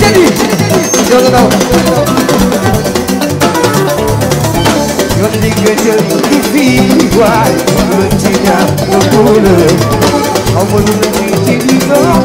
jadi Jangan tahu Yondi gajel ifi wai Luntinya ngepule Kau menunggu di tiga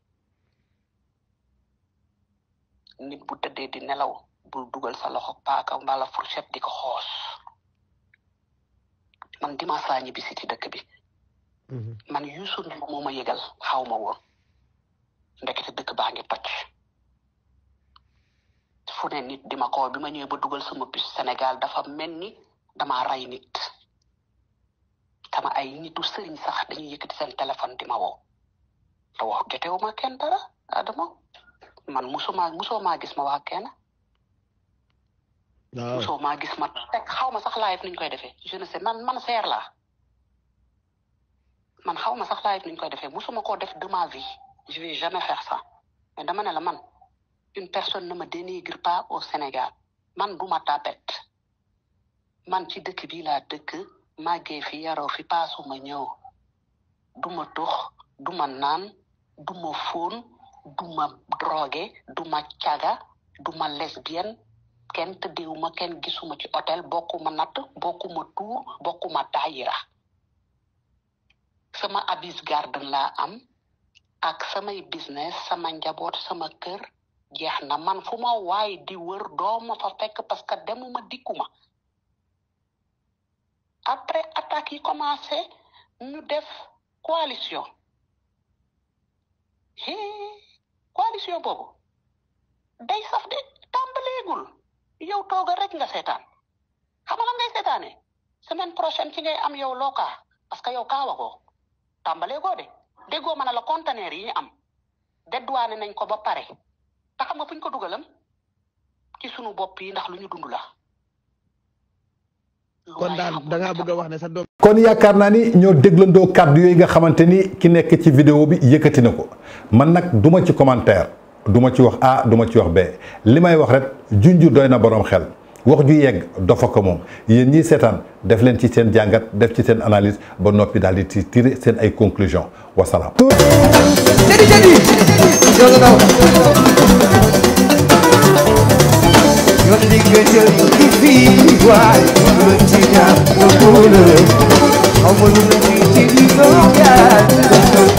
nit bu tëddee di nelaw bul dugal sa loxo paaka mbala fourchette di ko xoos man dimanche laa si ci dëkk bi mhm. man Youssou Ndour moo ma yëgal xaw ma woon ndekete dëkk baa ngi toj fu ne nit di ma koo bi ma ñëwee ba dugal sama bis Sénégal dafa mel ni dama ray nit sama ay nitu sëriñ sax dañuy yëkkati seen téléphone di ma woo te wax jotewu ma kenn dara Adama man musuma musoo gis ma wax kenn. waaw ah. musoo gis ma teg xawma sax live ni koy defee je ne sais man man seer laa man xawma sax live ni koy defee musuma ko def de ma vie je vais jamais faire ça mais dama ne la man une personne ne me dénigre pas au Sénégal man du ma tapet man ci dëkk bii laa dëkk màggee fi yaroo fi paasuma ñëw du ma tux du ma naan du ma fóon duma drogué duma caga duma lesbienne kenn tëddiwuma ken gisuma ci hôtel bokuma nat bokuma tour bokuma daayira sama abis garden la am ak sama business sama njabot sama kër jeex na man fu ma di wër dooma fa fekk parce que demuma dikkuma après attaque yi commencé ñu def coalition coalition boobu day saf de tàmbaleegul yow tooga rek nga seetaan nga ngay seetaane semaine prochaine ci ngay am yow loka parce que yow kaawa ko tàmbaleegoo de déggoo ma la conteneur yi ñu am dédduwaane nañ ko ba pare te xam nga fuñ ko dugalam ci sunu bopp yi ndax lu ñu kon daal da bëgg a wax ne sa doom. kon yaakaar naa ni ñoo déglandoo kàddu yooyu nga xamante ni ki nekk ci vidéo bi yëkkati na ko man nag duma ci commentaire duma ci wax A duma ci wax B li may wax rek junju doy na boroom xel wax ju yegg dofa ko moom yéen ñi seetaan def leen ci seen jàngat def ci seen analyse ba noppi daal di ci tirer seen ay conclusion wasalaam. Yo